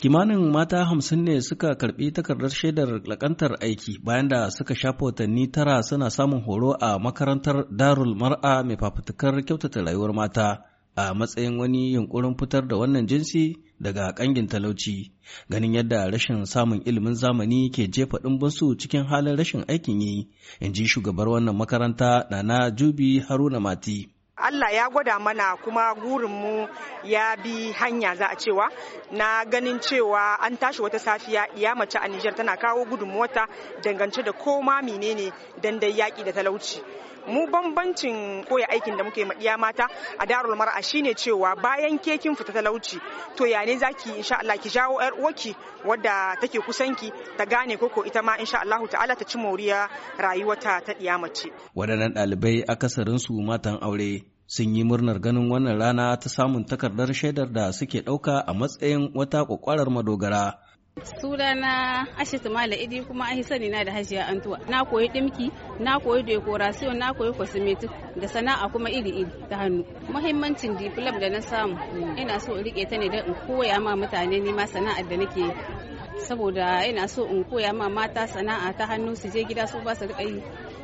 kimanin mata hamsin ne suka karbi takardar shaidar lakantar aiki bayan da suka shafa watanni tara suna samun horo a makarantar darul mar'a mai fafutukar kyautata rayuwar mata a matsayin wani yunkurin fitar da wannan jinsi daga kangin talauci ganin yadda rashin samun ilimin zamani ke jefa ɗimbinsu cikin halin rashin aikin yi in ji shugabar wannan makaranta na jubi haruna mati Allah ya gwada mana kuma gurinmu ya bi hanya za a cewa na ganin cewa an tashi wata safiya ya mace a Nijar tana kawo gudunmawata dangance da koma menene dandai yaƙi da talauci. mu bambancin koya aikin da muke maɗiya mata a darul mar'a shine cewa bayan kekin fita talauci to ya ne zaki insha Allah ki jawo yar uwarki wadda take kusanki ta gane koko ita ma insha Allah ta'ala ta ci moriya rayuwata ta ɗiya mace waɗannan ɗalibai akasarin su matan aure sun yi murnar ganin wannan rana ta samun takardar shaidar da suke ɗauka a matsayin wata ƙwaƙwarar madogara. sunana ashatu mala idi kuma an sani na da hajiya antuwa na koyi dimki na koyi decoration na koyi cosmetic da sana'a kuma iri iri ta hannu muhimmancin diplom da na samu ina so in rike ta ne don in koya ma mutane ne ma sana'ar da nake saboda ina so in koya ma mata sana'a ta hannu su je gida su ba su rika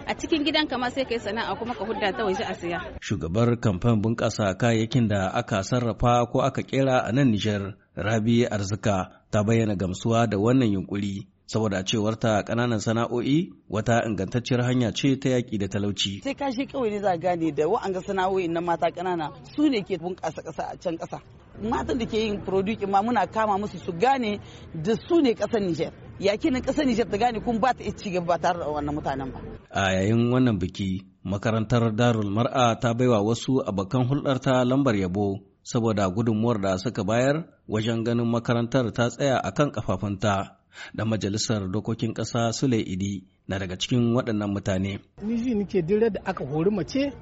a cikin gidan kama sai kai sana'a kuma ka hudda ta waje a siya shugabar kamfan bunƙasa kayayyakin da aka sarrafa ko aka kera a nan Nijar Rabi Arzika ta bayyana gamsuwa da wannan yunkuri saboda ta kananan sana'o'i wata ingantacciyar hanya ce ta yaƙi da talauci. Sai ka shi kawai ne za a gane da wa'anga sana'o'in na mata kanana su ne ke bunƙasa ƙasa a can ƙasa. Matan da ke yin produkin ma muna kama musu su gane da su ne ƙasar Nijar. yaki na ƙasa Nijar ta gane kun ba ta ci gaba ba tare da wannan mutanen ba. A yayin wannan biki makarantar Darul Mar'a ta baiwa wasu abokan hulɗarta lambar yabo saboda gudunmuwar da suka bayar wajen ganin makarantar ta tsaya a kan kafafunta da majalisar dokokin ƙasa Sule Idi na daga cikin waɗannan mutane. Niji nike dire da aka hori mace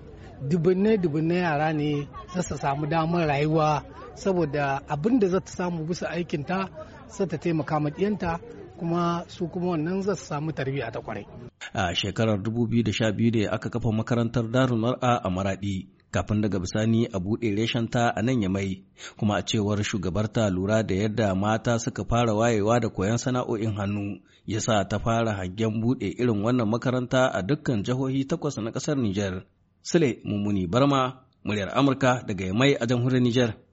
dubunne dubunne yara ne za su samu damar rayuwa saboda abin da za ta samu bisa aikinta za ta taimaka ma kuma su kuma wannan za su samu tarbiyya ta kwarai. A shekarar 2012 ne aka kafa makarantar Darul Mar'a a Maradi kafin daga bisani a buɗe ta a nan ya mai kuma a cewar shugabarta lura da yadda mata suka fara wayewa da koyon sana'o'in hannu ya sa ta fara hangen buɗe irin wannan makaranta a dukkan jihohi takwas na ƙasar Nijar. Sule Mummuni Barma, muryar Amurka daga mai a jamhuriyar Nijar.